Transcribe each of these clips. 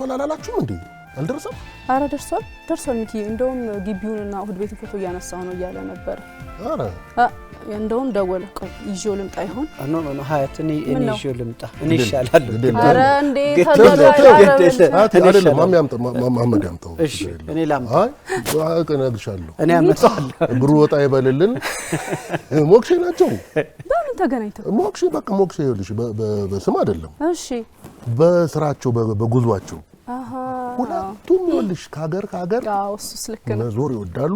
ደርቷል አላላችሁም እንዴ? አልደረሰም? አረ ደርሷል፣ ደርሷል ሚኪዬ። እንደውም ግቢውንና እሑድ ቤትን ፎቶ እያነሳው ነው እያለ ነበር። አረ እንደውም ደወለ። ቆይ ይዤው ልምጣ ይሆን? ኖ ኖ ኖ ሀያት፣ እኔ እኔ ይዤው ልምጣ፣ እኔ ይሻላል። አረ እንዴ ተደላለ ማሚ ያምጣ፣ ማመድ ያምጣው። እሺ እኔ ላምጣ። አይ እነግርሻለሁ፣ እኔ አመጣለሁ። እግሩ ወጣ ይበልልን። ሞክሼ ናቸው። በምን ተገናኝተው? ሞክሼ በቃ ሞክሼ፣ ይኸውልሽ፣ በስም አይደለም። እሺ፣ በስራቸው በጉዟቸው ሁለቱም ይኸውልሽ ከሀገር ከሀገር መዞር ይወዳሉ።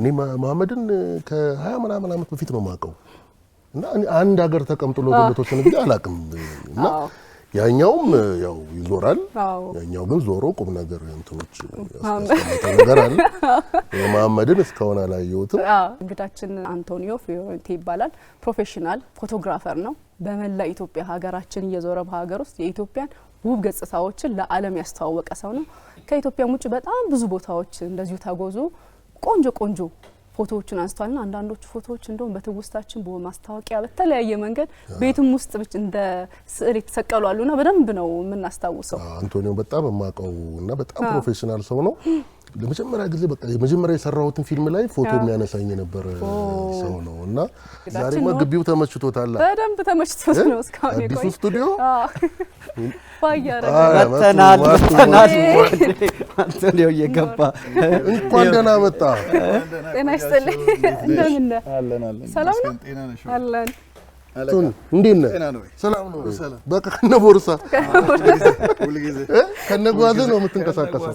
እኔ መሐመድን ከሀያ ምናምን ዓመት በፊት ነው የማውቀው እና አንድ ሀገር ተቀምጦ ለተወሰነ ጊዜ አላውቅም እና ያኛውም ያው ይዞራል። ያኛው ግን ዞሮ ቁም ነገር እንትኖች ነገር አለ። የመሐመድን እስካሁን አላየሁትም። እንግዳችን አንቶኒዮ ፊዮሬንቲ ይባላል። ፕሮፌሽናል ፎቶግራፈር ነው። በመላ ኢትዮጵያ ሀገራችን እየዞረ በሀገር ውስጥ የኢትዮጵያን ውብ ገጽታዎችን ለዓለም ያስተዋወቀ ሰው ነው። ከኢትዮጵያም ውጭ በጣም ብዙ ቦታዎች እንደዚሁ ተጎዙ ቆንጆ ቆንጆ ፎቶዎችን ና አንዳንዶቹ ፎቶዎች እንደውም በትውስታችን በማስታወቂያ በተለያየ መንገድ ቤትም ውስጥ እንደ ስዕል የተሰቀሉ አሉና በደንብ ነው የምናስታውሰው። አንቶኒዮ በጣም የማውቀው እና በጣም ፕሮፌሽናል ሰው ነው። ለመጀመሪያ ጊዜ በቃ የመጀመሪያ የሰራሁትን ፊልም ላይ ፎቶ የሚያነሳኝ የነበረ ሰው ነው እና ዛሬ ግቢው ተመችቶታል። በደንብ ተመችቶት ነው እስካሁን አዲሱ ስቱዲዮ መተናል እየገባ እንኳን ደህና መጣ። ጤና ይስጥልኝ። እንደምን ነህ? ሰላም ነው አለን እንዴት ነህ? ሰላም ነው። በቃ ከነ ቦርሳ ከነ ጓዝ ነው የምትንቀሳቀሰው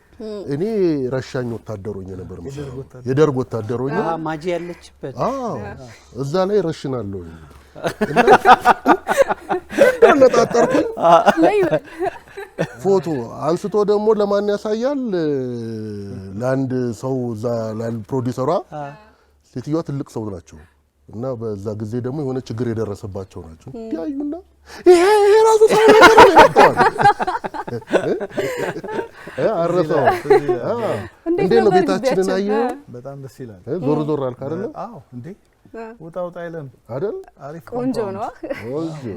እኔ ረሻኝ ወታደሮኝ ነበር የደርግ ወታደሮኝ ማጂ ያለችበት እዛ ላይ ረሽናለሁ ነጣጠርኩኝ። ፎቶ አንስቶ ደግሞ ለማን ያሳያል? ለአንድ ሰው እዛ ፕሮዲውሰሯ ሴትዮዋ ትልቅ ሰው ናቸው እና በዛ ጊዜ ደግሞ የሆነ ችግር የደረሰባቸው ናቸው ያዩና ይሄ ይሄ ራሱ ታውቃለህ፣ አረሳው እንዴት ነው ቤታችንን አየኸው? በጣም ደስ ይላል። ዞር ዞር አልክ አይደለ? አዎ እንዴ ውጣ ውጣ አይለም አይደል? አሪፍ ቆንጆ ነው።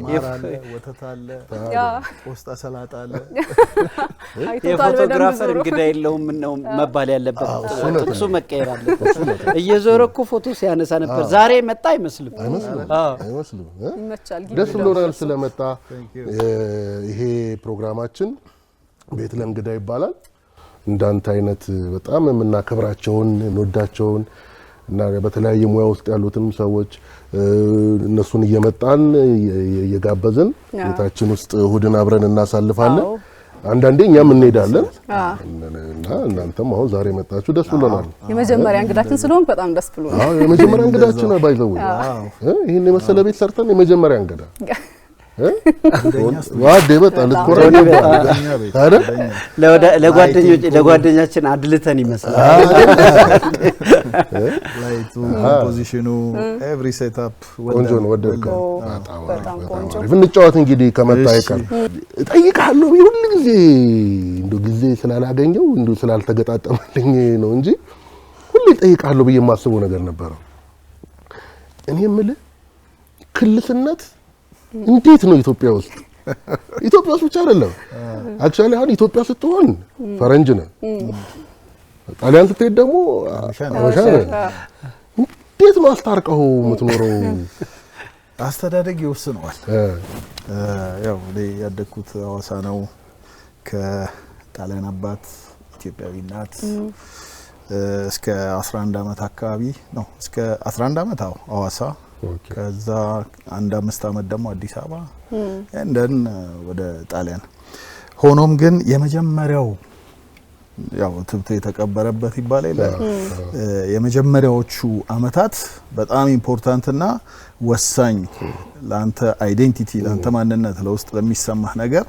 ማር አለ፣ ወተት አለ፣ ቆስጣ ሰላጣ አለ። የፎቶግራፈር እንግዳ የለውም ነው መባል ያለበት። ጥቅሱ መቀየር አለ። እየዞረ እኮ ፎቶ ሲያነሳ ነበር። ዛሬ መጣ አይመስልም፣ አይመስልም። አይመስልም። ደስ ብሎናል ስለመጣ። ይሄ ፕሮግራማችን ቤት ለእንግዳ ይባላል። እንዳንተ አይነት በጣም የምናከብራቸውን እንወዳቸውን እና በተለያየ ሙያ ውስጥ ያሉትንም ሰዎች እነሱን እየመጣን እየጋበዝን ቤታችን ውስጥ እሁድን አብረን እናሳልፋለን። አንዳንዴ እኛም እንሄዳለን እና እናንተም አሁን ዛሬ የመጣችሁ ደስ ብሎናል። የመጀመሪያ እንግዳችን ስለሆን በጣም ደስ ብሎናል። የመጀመሪያ እንግዳችን ባይዘው ይህን የመሰለ ቤት ሰርተን የመጀመሪያ እንግዳ ዋዴ በጣ ልትኮራኝ ለጓደኛችን አድልተን ይመስላል። ነው። ወደድከው? እንጫወት እንግዲህ ከመጣ አይቀር እጠይቅሃለሁ። ሁሉ ጊዜ እንደው ጊዜ ስላላገኘው እንደው ስላልተገጣጠመልኝ ነው እንጂ ሁሉ እጠይቅሃለሁ ብዬ የማስበው ነገር ነበረው። እኔ የምልህ ክልስነት እንዴት ነው ኢትዮጵያ ውስጥ ኢትዮጵያ ውስጥ ብቻ አይደለም። አክቹአሊ አሁን ኢትዮጵያ ስትሆን ፈረንጅ ነህ፣ ጣሊያን ስትሄድ ደግሞ አበሻ ነህ። እንዴት ነው አስታርቀው የምትኖረው? አስተዳደግ ይወስነዋል። ያው እኔ ያደግኩት አዋሳ ነው። ከጣሊያን አባት ኢትዮጵያዊ ናት እስከ 11 አመት አካባቢ ነው እስከ 11 ዓመት አዎ ከዛ አንድ አምስት አመት ደግሞ አዲስ አበባ እንደን uh, ወደ ጣሊያን። ሆኖም ግን የመጀመሪያው ያው ትብት የተቀበረበት ይባል የለ የመጀመሪያዎቹ አመታት በጣም ኢምፖርታንትና ወሳኝ ለአንተ አይዴንቲቲ ለአንተ ማንነት ለውስጥ ለሚሰማህ ነገር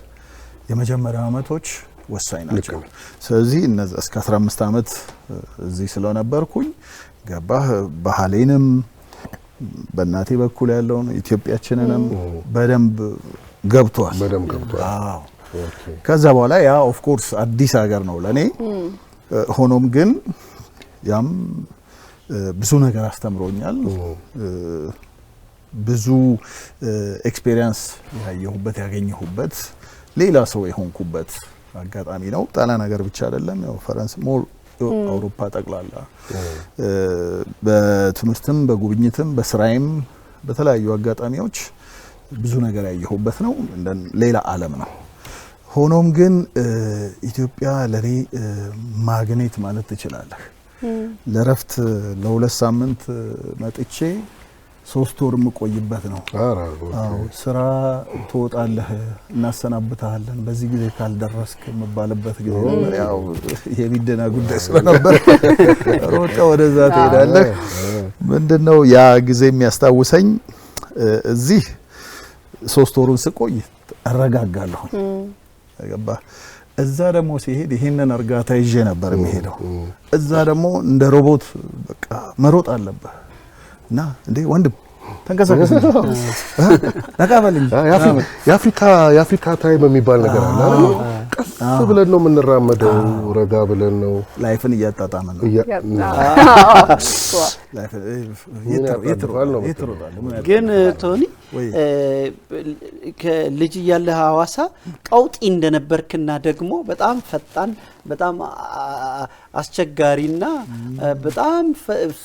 የመጀመሪያ አመቶች ወሳኝ ናቸው። ስለዚህ እነዚህ እስከ 15 አመት እዚህ ስለነበርኩኝ ገባህ ባህሌንም በእናቴ በኩል ያለውን ኢትዮጵያችንንም በደንብ ገብቷል። ገብቷል። ከዛ በኋላ ያ ኦፍ ኮርስ አዲስ ሀገር ነው ለእኔ። ሆኖም ግን ያም ብዙ ነገር አስተምሮኛል። ብዙ ኤክስፔሪየንስ ያየሁበት ያገኘሁበት ሌላ ሰው የሆንኩበት አጋጣሚ ነው። ጣላ ነገር ብቻ አይደለም ያው ፈረንስ ሞር አውሮፓ ጠቅላላ በትምህርትም በጉብኝትም በስራይም በተለያዩ አጋጣሚዎች ብዙ ነገር ያየሁበት ነው። ሌላ ዓለም ነው። ሆኖም ግን ኢትዮጵያ ለኔ ማግኔት ማለት ትችላለህ። ለእረፍት ለሁለት ሳምንት መጥቼ ሶስት ወር የምቆይበት ነው። ስራ ትወጣለህ፣ እናሰናብትሃለን በዚህ ጊዜ ካልደረስክ የምባልበት ጊዜ የሚደና ጉዳይ ስለነበር ሮጠ ወደዛ ትሄዳለህ። ምንድን ነው ያ ጊዜ የሚያስታውሰኝ፣ እዚህ ሶስት ወሩን ስቆይ እረጋጋለሁ። ገባ እዛ ደግሞ ሲሄድ ይሄንን እርጋታ ይዤ ነበር የሚሄደው። እዛ ደግሞ እንደ ሮቦት በቃ መሮጥ አለበት እና እንዴ ወንድም ተንቀሳቀስ የአፍሪካ ታይም የሚባል ነገር አለ። ቀስ ብለን ነው የምንራመደው፣ ረጋ ብለን ነው። ላይፍን እያጣጣመ ነው። ግን ቶኒ ልጅ እያለህ ሐዋሳ ቀውጢ እንደነበርክና ደግሞ በጣም ፈጣን በጣም አስቸጋሪና በጣም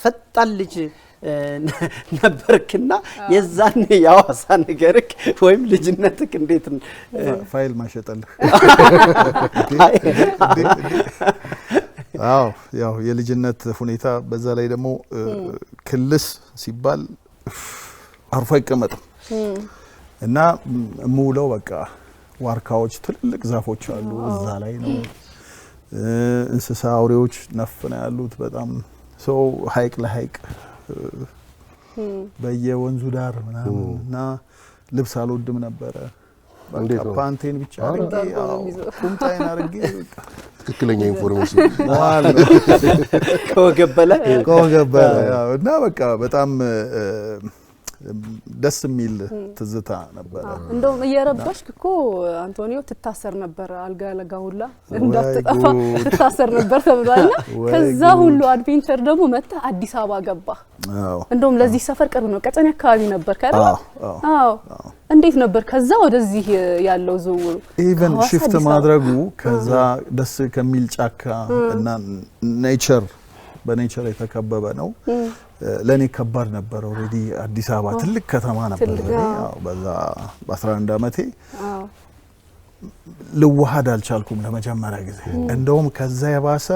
ፈጣን ልጅ ነበርክና የዛን የአዋሳ ነገርክ ወይም ልጅነትክ እንዴት ፋይል ማሸጠልህ? አዎ ያው የልጅነት ሁኔታ። በዛ ላይ ደግሞ ክልስ ሲባል አርፎ አይቀመጥም እና ምውለው በቃ ዋርካዎች፣ ትልልቅ ዛፎች አሉ፣ እዛ ላይ ነው። እንስሳ አውሬዎች ነፍነው ያሉት በጣም ሰው ሀይቅ ለሀይቅ በየወንዙ ዳር ምናምን እና ልብስ አልወድም ነበረ። ፓንቴን ብቻ አድርጌ ቁምጣዬን አድርጌ ትክክለኛ ኢንፎርሜሽን ከወገብ በላይ እና በቃ በጣም ደስ የሚል ትዝታ ነበረ። እንደውም እየረበሽ እኮ አንቶኒዮ ትታሰር ነበር፣ አልጋ ለጋ ሁላ እንዳትጠፋ ትታሰር ነበር ተብሏልና ከዛ ሁሉ አድቬንቸር ደግሞ መጣ አዲስ አበባ ገባ። እንደውም ለዚህ ሰፈር ቅርብ ነው፣ ቀጨኔ አካባቢ ነበር አዎ። እንዴት ነበር ከዛ ወደዚህ ያለው ዝውውሩ? ኢቨን ሽፍት ማድረጉ ከዛ ደስ ከሚል ጫካ እና ኔቸር በኔቸር የተከበበ ነው ለእኔ ከባድ ነበር። ኦልሬዲ አዲስ አበባ ትልቅ ከተማ ነበር። በዛ በ11 ዓመቴ ልዋሃድ አልቻልኩም ለመጀመሪያ ጊዜ። እንደውም ከዛ የባሰ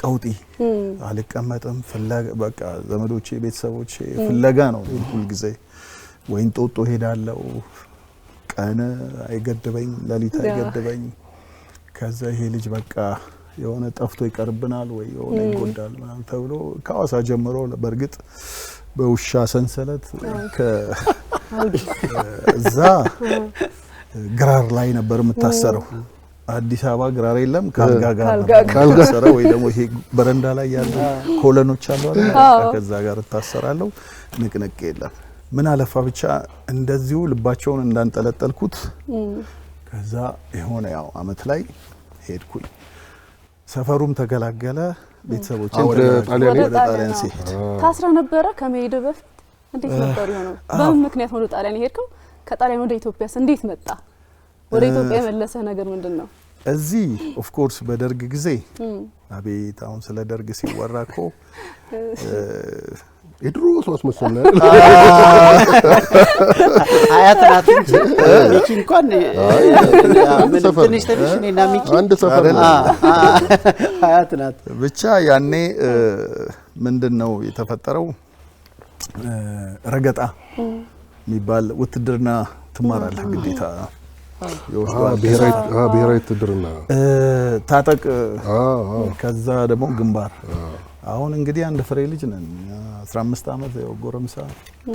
ቀውጢ አልቀመጥም። በቃ ዘመዶቼ፣ ቤተሰቦቼ ፍለጋ ነው ሁል ጊዜ ወይን ጦጦ ሄዳለው። ቀን አይገድበኝ፣ ሌሊት አይገድበኝ። ከዛ ይሄ ልጅ በቃ የሆነ ጠፍቶ ይቀርብናል ወይ የሆነ ይጎዳል ምናምን ተብሎ ከአዋሳ ጀምሮ በእርግጥ በውሻ ሰንሰለት እዛ ግራር ላይ ነበር የምታሰረው። አዲስ አበባ ግራር የለም። ከአልጋ ጋር ታሰረ ወይ ደግሞ ይሄ በረንዳ ላይ ያሉ ኮለኖች አሉ ከዛ ጋር እታሰራለሁ። ንቅንቅ የለም። ምን አለፋ ብቻ እንደዚሁ ልባቸውን እንዳንጠለጠልኩት ከዛ የሆነ ያው አመት ላይ ሄድኩኝ። ሰፈሩም ተገላገለ። ቤተሰቦች ወደ ጣሊያን ሲሄድ ነበረ። ከመሄድ በፊት እንዴት ነበሩ የሆነው? በምን ምክንያት ወደ ጣሊያን የሄድክም? ከጣሊያን ወደ ኢትዮጵያስ እንዴት መጣ? ወደ ኢትዮጵያ የመለሰ ነገር ምንድን ነው? እዚህ ኦፍኮርስ በደርግ ጊዜ አቤት፣ አሁን ስለ ደርግ ሲወራ እኮ የድሮ ሰው አስመሰል አያት ናት እንጂ ሚኪ እንኳን ትንሽ ትንሽ እኔና ሚኪ አንድ ሰፈር አያት ናት። ብቻ ያኔ ምንድን ነው የተፈጠረው? ረገጣ የሚባል ውትድርና ትማራለህ ግዴታ ብሔራዊ ውትድርና ታጠቅ፣ ከዛ ደግሞ ግንባር አሁን እንግዲህ አንድ ፍሬ ልጅ ነን። 15 ዓመት ያው ጎረምሳ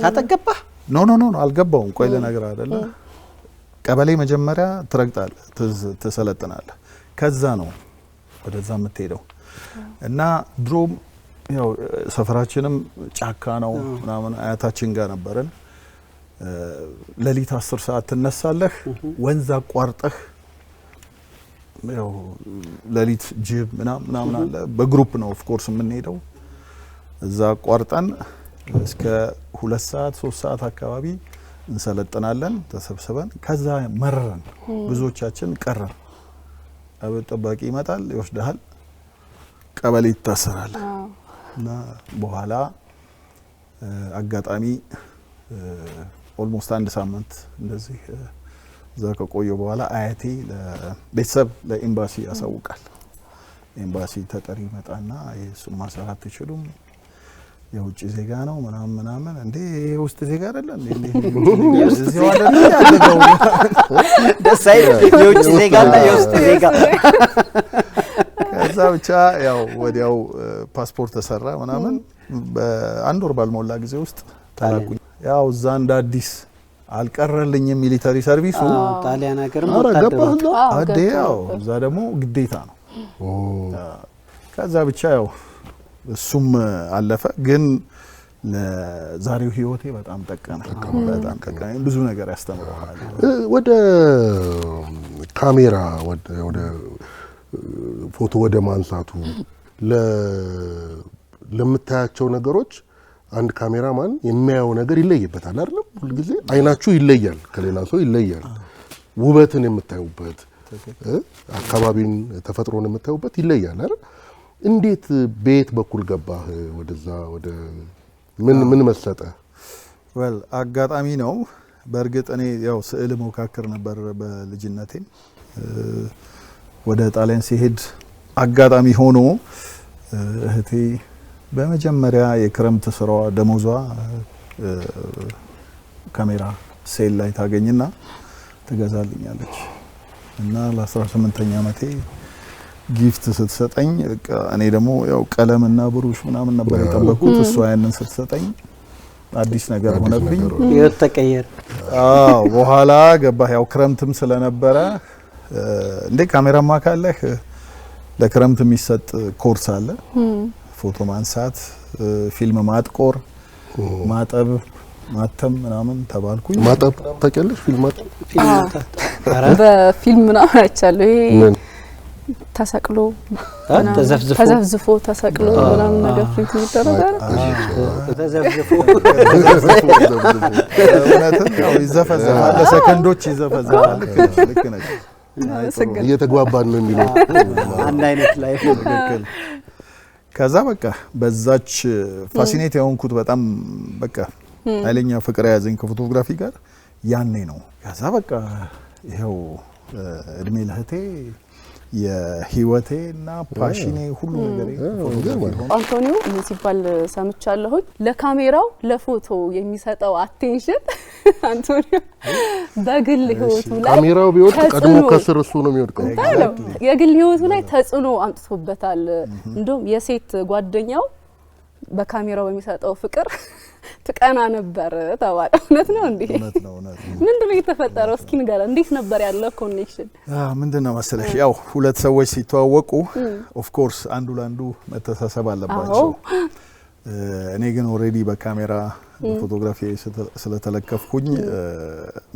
ታጠገባ ኖ ኖ ኖ አልገባውም። ቆይ ለነገር አይደለ ቀበሌ መጀመሪያ ትረግጣል፣ ትሰለጥናለህ። ከዛ ነው ወደዛ የምትሄደው እና ድሮም ያው ሰፈራችንም ጫካ ነው ምናምን አያታችን ጋር ነበረን። ሌሊት አስር ሰዓት ትነሳለህ ወንዝ አቋርጠህ ሌሊት ጅብ ምናምን አለ። በግሩፕ ነው ኦፍኮርስ የምንሄደው። እዛ አቋርጠን እስከ ሁለት ሰዓት ሶስት ሰዓት አካባቢ እንሰለጥናለን ተሰብስበን። ከዛ መረን ብዙዎቻችን ቀረን። ጠባቂ ይመጣል ይወስድሃል፣ ቀበሌ ይታሰራል። እና በኋላ አጋጣሚ ኦልሞስት አንድ ሳምንት እንደዚህ እዛ ከቆየ በኋላ አያቴ ለቤተሰብ ለኤምባሲ ያሳውቃል። ኤምባሲ ተጠሪ ይመጣና እሱም ማሰራት ትችሉም የውጭ ዜጋ ነው ምናምን ምናምን። እንዴ ውስጥ ዜጋ አይደለ የውጭ ዜጋ እና የውስጥ ዜጋ። ከዛ ብቻ ያው ወዲያው ፓስፖርት ተሰራ ምናምን። በአንድ ወር ባልሞላ ጊዜ ውስጥ ተላኩኝ። ያው እዛ እንደ አዲስ አልቀረልኝም ሚሊተሪ ሰርቪሱ ጣሊያን ሀገር ገባህና ያው እዛ ደግሞ ግዴታ ነው። ከዛ ብቻ ያው እሱም አለፈ። ግን ለዛሬው ህይወቴ በጣም ጠቀመ፣ በጣም ጠቀመ። ብዙ ነገር ያስተምረዋል። ወደ ካሜራ ወደ ፎቶ ወደ ማንሳቱ ለምታያቸው ነገሮች አንድ ካሜራማን የሚያየው ነገር ይለይበታል፣ አይደለም ሁልጊዜ አይናችሁ ይለያል፣ ከሌላ ሰው ይለያል። ውበትን የምታዩበት አካባቢን፣ ተፈጥሮን የምታዩበት ይለያል አይደል? እንዴት በየት በኩል ገባህ ወደዛ? ወደ ምን ምን መሰጠ? ወል አጋጣሚ ነው። በእርግጥ እኔ ያው ስዕል መካከር ነበር በልጅነቴ። ወደ ጣሊያን ሲሄድ አጋጣሚ ሆኖ እህቴ በመጀመሪያ የክረምት ስራዋ ደሞዟ ካሜራ ሴል ላይ ታገኝና ትገዛልኛለች እና ለ18ኛ ዓመቴ ጊፍት ስትሰጠኝ እኔ ደግሞ ያው እና ብሩሽ ምናምን ነበር የጠበቅኩት። እሷ ያንን ስትሰጠኝ አዲስ ነገር ሆነብኝ። ይወት ተቀየር። አዎ በኋላ ገባህ። ያው ክረምትም ስለነበረ እንዴ ካሜራማ ካለህ ለክረምት የሚሰጥ ኮርስ አለ ፎቶ ማንሳት፣ ፊልም ማጥቆር፣ ማጠብ፣ ማተም ምናምን ተባልኩኝ። ማጠብ ታውቂያለሽ? ፊልም ማጠብ በፊልም ምናምን አይቻለሁ። ይሄ ተሰቅሎ ተዘፍዝፎ ተሰቅሎ ምናምን ነገር ፊልም ይደረጋል። ተዘፍዝፎ ይዘፈዘፋል፣ ለሰከንዶች ይዘፈዘፋል። ልክ ነች። እየተግባባን ነው የሚለው አንድ አይነት ላይ ከዛ በቃ በዛች ፋሲኔት የሆንኩት በጣም በቃ ኃይለኛ ፍቅር የያዘኝ ከፎቶግራፊ ጋር ያኔ ነው። ከዛ በቃ ይኸው እድሜ ለህቴ እና ፓሽኔ ሁሉ ነገር አንቶኒዮ ሲባል ሰምቻለሁኝ፣ ለካሜራው ለፎቶ የሚሰጠው አቴንሽን አንቶኒዮ በግል ህይወቱ ላይ ካሜራው ቢወድቅ ቀድሞ ከስር እሱ ነው የሚወድቀው። የግል ህይወቱ ላይ ተጽዕኖ አምጥቶበታል። እንዲሁም የሴት ጓደኛው በካሜራው በሚሰጠው ፍቅር ትቀና ነበር ተባለ። እውነት ነው እንዴ? ምንድን ነው የተፈጠረው? እስኪ ንገረን። እንዴት ነበር ያለው ኮኔክሽን? ምንድን ነው መሰለሽ፣ ያው ሁለት ሰዎች ሲተዋወቁ ኦፍ ኮርስ አንዱ ለአንዱ መተሳሰብ አለባቸው። እኔ ግን ኦልሬዲ በካሜራ በፎቶግራፊ ስለተለከፍኩኝ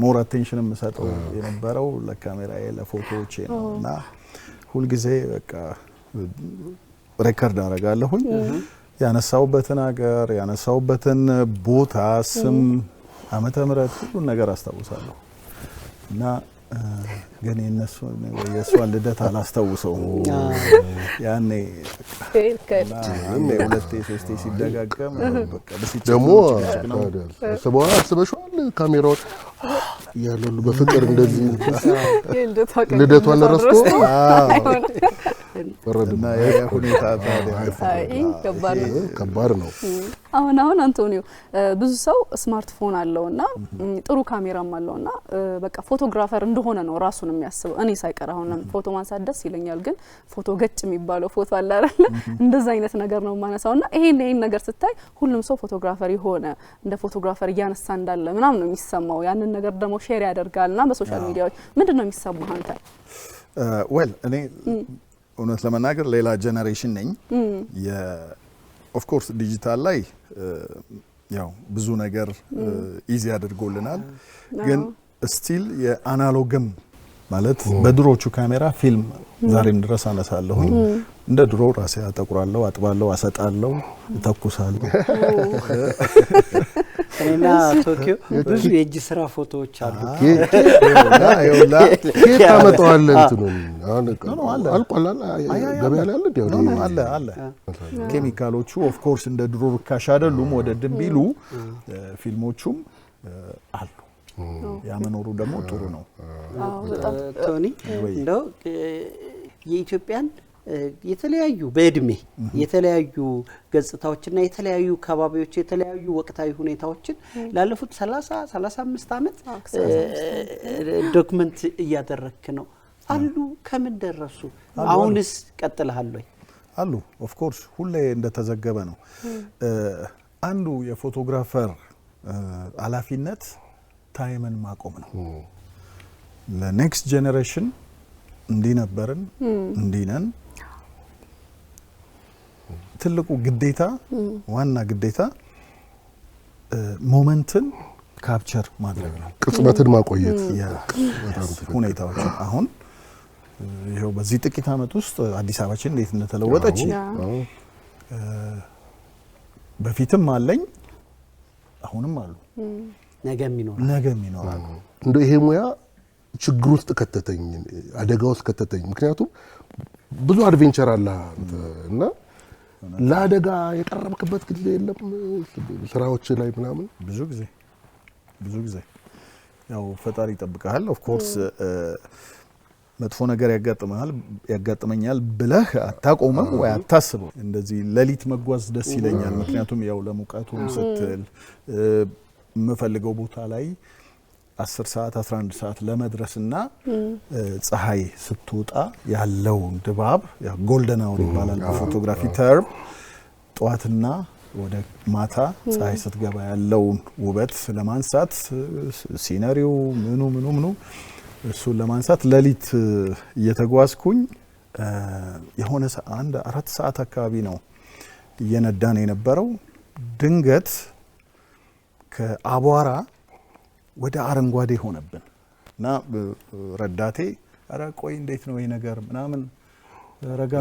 ሞር አቴንሽን የምሰጠው የነበረው ለካሜራ ለፎቶዎቼ ነው እና ሁልጊዜ በቃ ሬከርድ አረጋለሁኝ ያነሳውበትን አገር ያነሳውበትን ቦታ ስም፣ አመተ ምህረት ሁሉን ነገር አስታውሳለሁ እና ግን የነሱ የእሷን ልደት አላስታውሰውም። ያኔ ሁለቴ ሶስቴ ሲደጋገም ደግሞ ስበኋላ አስበሽዋል ካሜራውን ያለሉ በፍቅር እንደዚህ ልደቷን ረስቶ ከባድ ነው። አሁን አሁን አንቶኒዮ ብዙ ሰው ስማርትፎን አለውና ጥሩ ካሜራም አለውና በቃ ፎቶግራፈር እንደሆነ ነው ራሱን የሚያስበው። እኔ ሳይቀር አሁን ፎቶ ማንሳት ደስ ይለኛል፣ ግን ፎቶ ገጭ የሚባለው ፎቶ አለ አይደለ? እንደዛ አይነት ነገር ነው የማነሳውና ይሄን ይሄን ነገር ስታይ ሁሉም ሰው ፎቶግራፈር የሆነ እንደ ፎቶግራፈር እያነሳ እንዳለ ምናምን ነው የሚሰማው። ያንን ነገር ደግሞ ሼር ያደርጋልና በሶሻል ሚዲያዎች ምንድን ነው የሚሰማህ አንተ? ወል እኔ እውነት ለመናገር ሌላ ጀነሬሽን ነኝ። ኦፍኮርስ ዲጂታል ላይ ያው ብዙ ነገር ኢዚ አድርጎልናል፣ ግን ስቲል የአናሎግም ማለት በድሮቹ ካሜራ ፊልም ዛሬም ድረስ አነሳለሁኝ እንደ ድሮ ራሴ አጠቁራለሁ፣ አጥባለሁ፣ አሰጣለሁ፣ ተኩሳለሁ። እኔና ቶኪዮ ብዙ የእጅ ስራ ፎቶዎች አሉ። ታመጣዋለህ እንትኑን ገበያ ላይ አለ አለ። አለ። ኬሚካሎቹ ኦፍኮርስ እንደ ድሮ ርካሽ አይደሉም። ወደ ድን ቢሉ ፊልሞቹም አሉ። ያመኖሩ ደግሞ ጥሩ ነው። ቶኒ እንደው የኢትዮጵያን የተለያዩ በእድሜ የተለያዩ ገጽታዎችና የተለያዩ ከባቢዎች የተለያዩ ወቅታዊ ሁኔታዎችን ላለፉት 30 35 ዓመት ዶክመንት እያደረክ ነው አሉ። ከምን ደረሱ? አሁንስ ቀጥልሃል ወይ? አሉ ኦፍኮርስ፣ ሁሌ እንደተዘገበ ነው። አንዱ የፎቶግራፈር ኃላፊነት ታይምን ማቆም ነው። ለኔክስት ጄኔሬሽን እንዲነበርን እንዲነን ትልቁ ግዴታ ዋና ግዴታ ሞመንትን ካፕቸር ማድረግ ነው። ቅጽበትን ማቆየት ሁኔታዎች አሁን ይኸው በዚህ ጥቂት ዓመት ውስጥ አዲስ አበባችን እንዴት እንደተለወጠች በፊትም አለኝ አሁንም አሉ ነገም ይኖራሉ። እንደ ይሄ ሙያ ችግር ውስጥ ከተተኝ፣ አደጋ ውስጥ ከተተኝ። ምክንያቱም ብዙ አድቬንቸር አለ እና ለአደጋ የቀረብክበት ጊዜ የለም? ስራዎች ላይ ምናምን ብዙ ጊዜ ብዙ ጊዜ ያው ፈጣሪ ይጠብቀሃል። ኦፍኮርስ መጥፎ ነገር ያጋጥመሃል ያጋጥመኛል ብለህ አታቆምም ወይ አታስበው። እንደዚህ ሌሊት መጓዝ ደስ ይለኛል። ምክንያቱም ያው ለሙቀቱ ስትል የምፈልገው ቦታ ላይ 10 ሰዓት 11 ሰዓት ለመድረስና ፀሐይ ስትወጣ ያለውን ድባብ ጎልደን አወር ይባላል በፎቶግራፊ ተርም። ጠዋትና ወደ ማታ ፀሐይ ስትገባ ያለውን ውበት ለማንሳት ሲነሪው ምኑ ምኑ ምኑ እሱን ለማንሳት ሌሊት እየተጓዝኩኝ የሆነ አንድ አራት ሰዓት አካባቢ ነው እየነዳን የነበረው ድንገት ከአቧራ ወደ አረንጓዴ ሆነብን እና ረዳቴ ኧረ ቆይ እንዴት ነው ይህ ነገር ምናምን ረጋ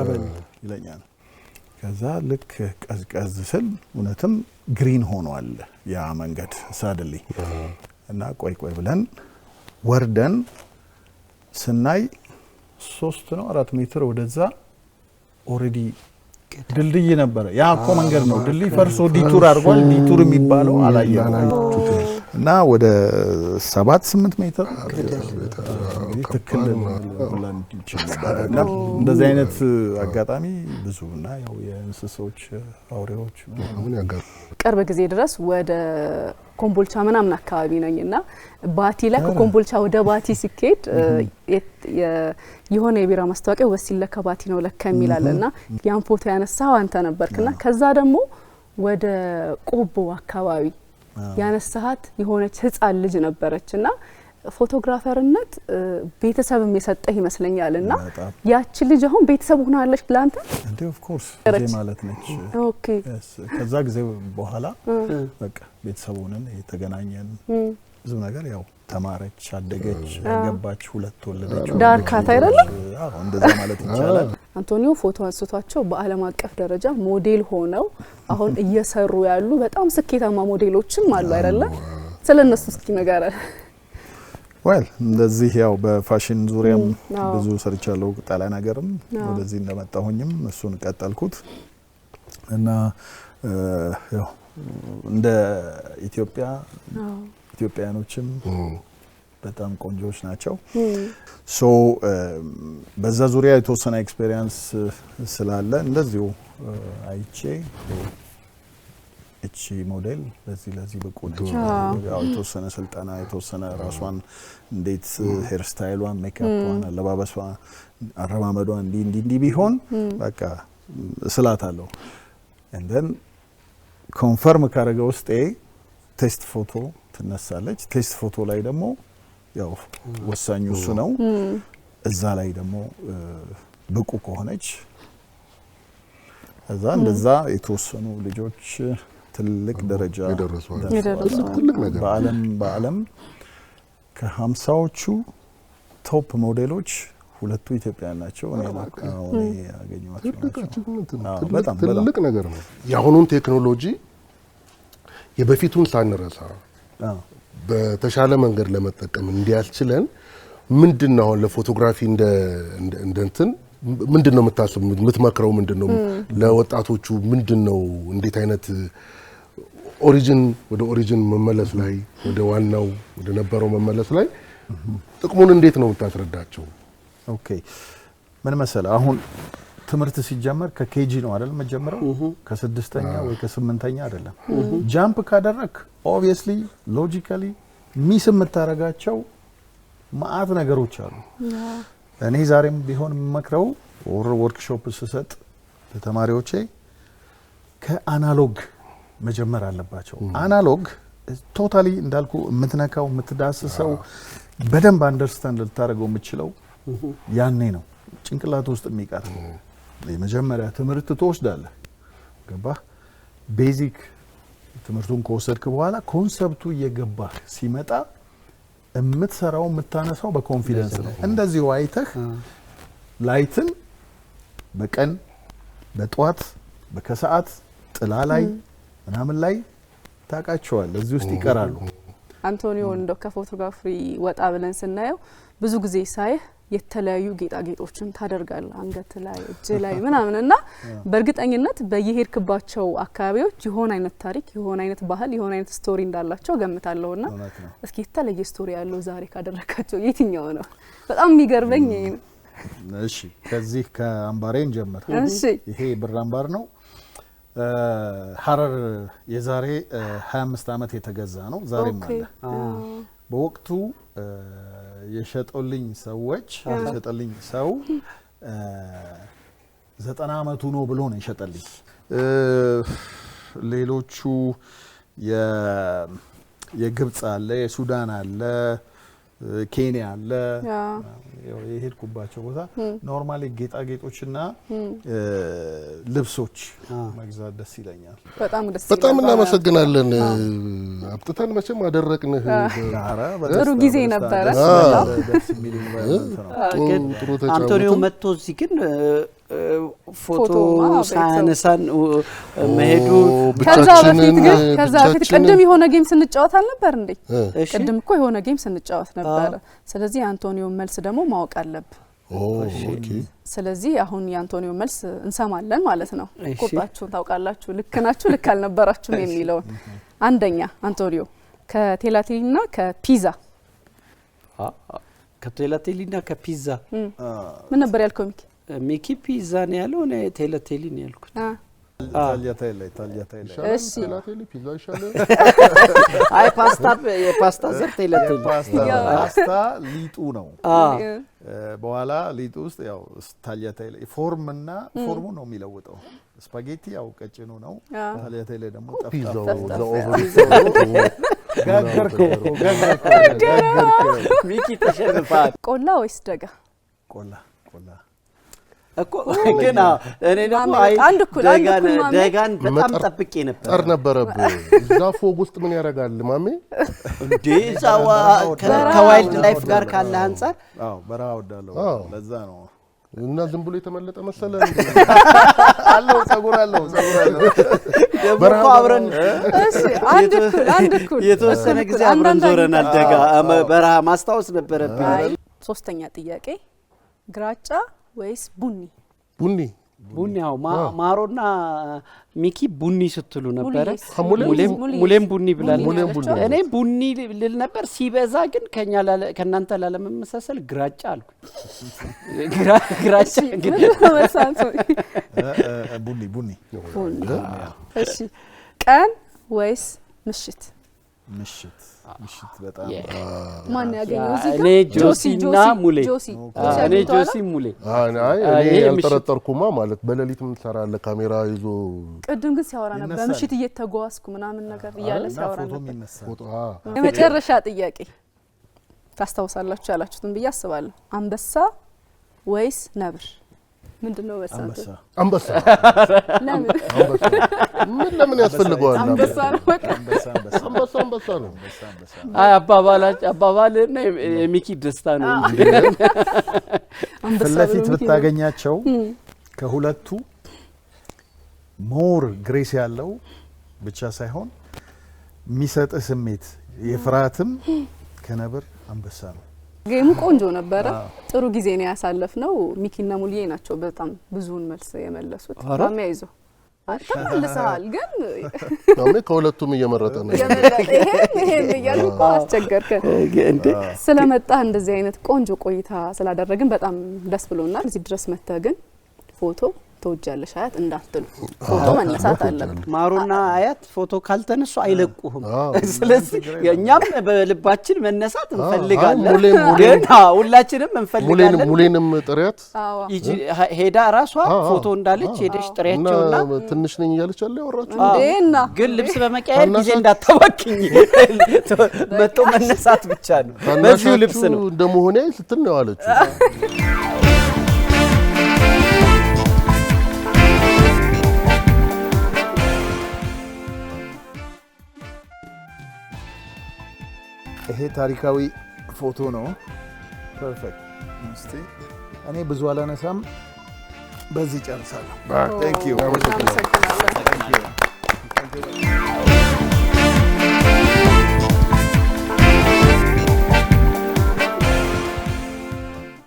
ይለኛል። ከዛ ልክ ቀዝቀዝ ስል እውነትም ግሪን ሆኗል ያ መንገድ ሳድልኝ እና ቆይ ቆይ ብለን ወርደን ስናይ ሶስት ነው አራት ሜትር ወደዛ ኦልሬዲ ድልድይ ነበረ። ያ እኮ መንገድ ነው። ድልድይ ፈርሶ ዲቱር አድርጓል። ዲቱር የሚባለው አላየ እና ወደ ሰባት ስምንት ሜትር እንደዚህ አይነት አጋጣሚ ብዙ እና ያው የእንስሶች አውሬዎች ቅርብ ጊዜ ድረስ ወደ ኮምቦልቻ ምናምን አካባቢ ነኝ እና ባቲ ላይ ከኮምቦልቻ ወደ ባቲ ሲኬድ የሆነ የቢራ ማስታወቂያ ወሲል ለከ ባቲ ነው ለከ የሚላል እና ያን ፎቶ ያነሳው አንተ ነበርክና ከዛ ደግሞ ወደ ቆቦ አካባቢ ያነሳሃት የሆነች ህጻን ልጅ ነበረች እና ፎቶግራፈርነት ቤተሰብም የሰጠህ ይመስለኛል እና ያቺ ልጅ አሁን ቤተሰብ ሆናለች ለአንተ? እንዴ ኦፍ ኮርስ ጊዜ ማለት ነች። ከዛ ጊዜ በኋላ በቃ ቤተሰብ የተገናኘን ብዙ ነገር ያው ተማረች፣ አደገች፣ ገባች፣ ሁለት ወለደች። ዳርካት አይደለም እንደዛ ማለት ይቻላል። አንቶኒዮ ፎቶ አንስቷቸው በዓለም አቀፍ ደረጃ ሞዴል ሆነው አሁን እየሰሩ ያሉ በጣም ስኬታማ ሞዴሎችም አሉ አይደለም። ስለ እነሱ እስኪ ነገረ ወል እንደዚህ ያው በፋሽን ዙሪያም ብዙ ሰርቻለሁ። ጣሊያን ሀገርም ወደዚህ እንደመጣሁኝም እሱን ቀጠልኩት እና እንደ ኢትዮጵያ ኢትዮጵያውያኖችም በጣም ቆንጆዎች ናቸው። ሶ በዛ ዙሪያ የተወሰነ ኤክስፔሪንስ ስላለ እንደዚሁ አይቼ እቺ ሞዴል ለዚህ ለዚህ ብቁ የተወሰነ ስልጠና የተወሰነ ራሷን እንዴት ሄር ስታይሏን፣ ሜካፕዋን፣ አለባበሷ፣ አረማመዷ እንዲ እንዲ እንዲ ቢሆን በቃ ስላት አለው እንደን ኮንፈርም ካረገ ውስጤ ቴስት ፎቶ ትነሳለች። ቴስት ፎቶ ላይ ደግሞ ያው ወሳኙ እሱ ነው። እዛ ላይ ደግሞ ብቁ ከሆነች እዛ እንደዛ የተወሰኑ ልጆች ትልቅ ደረጃ በዓለም በዓለም ከሀምሳዎቹ ቶፕ ሞዴሎች ሁለቱ ኢትዮጵያ ናቸው። ያገኘኋቸው ትልቅ ነገር ነው። የአሁኑን ቴክኖሎጂ የበፊቱን ሳንረሳ በተሻለ መንገድ ለመጠቀም እንዲያስችለን ምንድን ነው አሁን ለፎቶግራፊ እንደ ምንድን ነው የምታስቡ የምትመክረው ምንድን ነው ለወጣቶቹ ምንድን ነው እንዴት አይነት ኦሪጅን ወደ ኦሪጅን መመለስ ላይ ወደ ዋናው ወደ ነበረው መመለስ ላይ ጥቅሙን እንዴት ነው የምታስረዳቸው? ኦኬ ምን መሰለ አሁን ትምህርት ሲጀመር ከኬጂ ነው አይደል መጀመሪያው ከስድስተኛ ወይ ከስምንተኛ አይደለም ጃምፕ ካደረግ ኦብቪየስሊ ሎጂካሊ ሚስ የምታደርጋቸው ማአት ነገሮች አሉ። እኔ ዛሬም ቢሆን የምመክረው ወርክሾፕ ስሰጥ ለተማሪዎቼ ከአናሎግ መጀመር አለባቸው። mm. አናሎግ ቶታሊ እንዳልኩ የምትነካው የምትዳስሰው በደንብ አንደርስታንድ ልታደርገው የምችለው mm-hmm. ያኔ ነው። ጭንቅላት ውስጥ የሚቀር mm. የመጀመሪያ ትምህርት ትወስዳለህ። ገባህ ቤዚክ ትምህርቱን ከወሰድክ በኋላ ኮንሰፕቱ እየገባህ ሲመጣ የምትሰራው የምታነሳው በኮንፊደንስ ነው። እንደዚሁ አይተህ ላይትን በቀን በጠዋት በከሰዓት ጥላ ላይ ምናምን ላይ ታውቃቸዋል፣ እዚህ ውስጥ ይቀራሉ። አንቶኒዮ እንደው ከፎቶግራፊ ወጣ ብለን ስናየው ብዙ ጊዜ ሳይህ የተለያዩ ጌጣጌጦችን ታደርጋለ አንገት ላይ፣ እጅ ላይ ምናምን እና በእርግጠኝነት በየሄድክባቸው አካባቢዎች የሆነ አይነት ታሪክ፣ የሆነ አይነት ባህል፣ የሆነ አይነት ስቶሪ እንዳላቸው ገምታለሁ ና እስኪ የተለየ ስቶሪ ያለው ዛሬ ካደረጋቸው የትኛው ነው? በጣም የሚገርመኝ ይሄ ነው። እሺ ከዚህ ከአምባሬን ጀምር። ይሄ ብር አምባር ነው። ሀረር የዛሬ 25 ዓመት የተገዛ ነው። ዛሬም አለ። በወቅቱ የሸጠልኝ ሰዎች የሸጠልኝ ሰው ዘጠና አመቱ ነው ብሎ ነው የሸጠልኝ። ሌሎቹ የግብፅ አለ፣ የሱዳን አለ ኬንያ አለ የሄድኩባቸው ቦታ ኖርማሊ ጌጣጌጦችና ልብሶች መግዛት ደስ ይለኛል። በጣም እናመሰግናለን። አብጥተን መቼም አደረቅንህ። ጥሩ ጊዜ ነበረ። ጥሩ ተጫወትን። አንቶኒዮ መጥቶ እዚህ ግን ፎቶ ሳያነሳን መሄዱ ከዛ በፊት ግን ከዛ በፊት ቅድም የሆነ ጌም ስንጫወት አልነበር እንዴ? ቅድም እኮ የሆነ ጌም ስንጫወት ነበረ። ስለዚህ የአንቶኒዮን መልስ ደግሞ ማወቅ አለብ። ስለዚህ አሁን የአንቶኒዮ መልስ እንሰማለን ማለት ነው። ቁጣችሁን ታውቃላችሁ፣ ልክ ናችሁ፣ ልክ አልነበራችሁም የሚለውን አንደኛ አንቶኒዮ ከቴላቴሊና ከፒዛ ከቴላቴሊና ከፒዛ ምን ነበር ያልከው ሚኪ? ሚኪ ፒዛ ነው ያለው። እኔ ቴለቴሊ ነው ያልኩት። አይ ፓስታ የፓስታ ዘር ሊጡ ነው። በኋላ ሊጡ ውስጥ ያው ፎርሙ ነው የሚለውጠው። ስፓጌቲ ያው ቀጭኑ ነው። ደግሞ ተሸንፋል። ቆላ ወይስ ደጋ? ቆላ ቆላ እኮ ግን እኔ ደግሞ ደጋን በጣም ጠብቄ ነበር። ጠር ነበረብህ እዛ ፎግ ውስጥ ምን ያደርጋል ማሜ? እንዴ ከዋይልድ ላይፍ ጋር ካለ አንጻር በረሃ ወዳለሁ ለዛ ነው። እና ዝም ብሎ የተመለጠ መሰለ አለው። ጸጉር አለው ጸጉር አለው። ደግሞ አብረን የተወሰነ ጊዜ አብረን ዞረናል። ደጋ በረሃ ማስታወስ ነበረብኝ። ሶስተኛ ጥያቄ ግራጫ ወይስ ቡኒ? ቡኒ ቡኒ ያው ማሮና ሚኪ ቡኒ ስትሉ ነበረ። ሙሌም ቡኒ ብላል። እኔም ቡኒ ልል ነበር። ሲበዛ ግን ከእናንተ ላለመመሳሰል ግራጫ አልኩ። ግራጫ ቡኒ ቡኒ። እሺ፣ ቀን ወይስ ምሽት? ምሽት ምሽት በጣም ማን ያገኘው እዚህ ጋር? እኔ ጆሲና ሙሌ እኔ ጆሲ ሙሌ። አይ እኔ ያልጠረጠርኩማ ማለት በሌሊት ምን ትሰራለህ? ካሜራ ይዞ ቅድም ግን ሲያወራ ነበር፣ በምሽት እየተጓዝኩ ምናምን ነገር እያለ ሲያወራ ነበር። የመጨረሻ ጥያቄ ታስታውሳላችሁ ያላችሁትን ብዬ አስባለሁ። አንበሳ ወይስ ነብር? ምንድን ነው? በሳንተ አንበሳ ለምን ምን ለምን ያስፈልገዋል? አንበሳ ነው በቃ አንበሳ አንበሳ ነው። አይ አባባላች አባባል አባባልና የሚኪ ደስታ ነው እንጂ ፊት ለፊት ብታገኛቸው ከሁለቱ ሞር ግሬስ ያለው ብቻ ሳይሆን የሚሰጥህ ስሜት የፍርሃትም ከነብር አንበሳ ነው። ጌሙ ቆንጆ ነበረ። ጥሩ ጊዜ ነው ያሳለፍ ነው። ሚኪና ሙልዬ ናቸው በጣም ብዙውን መልስ የመለሱት ሚያይዘው ተመልሰሃል። ግን ከሁለቱም እየመረጠ ነው። ይሄን ይሄም እያሉ እኮ አስቸገርከን። ስለመጣህ እንደዚህ አይነት ቆንጆ ቆይታ ስላደረግን በጣም ደስ ብሎናል። እዚህ ድረስ መጥተህ ግን ፎቶ ተወጃለሽ አያት እንዳትሉ ፎቶ መነሳት አለብን። ማሩና አያት ፎቶ ካልተነሱ አይለቁህም። ስለዚህ እኛም በልባችን መነሳት እንፈልጋለን፣ ሁላችንም እንፈልጋለን። ሙሌንም ጥሪያት ሄዳ ራሷ ፎቶ እንዳለች ሄደሽ ጥሪያቸውና ትንሽ ነኝ እያለች አለ ያወራችሁ፣ ግን ልብስ በመቀያየር ጊዜ እንዳታባክኝ መጥቶ መነሳት ብቻ ነው። በዚሁ ልብስ ነው እንደመሆኔ ስትል ነው አለችው። ይሄ ታሪካዊ ፎቶ ነው። ፐርፌክት። እኔ ብዙ አላነሳም፣ በዚህ ጨርሳለሁ።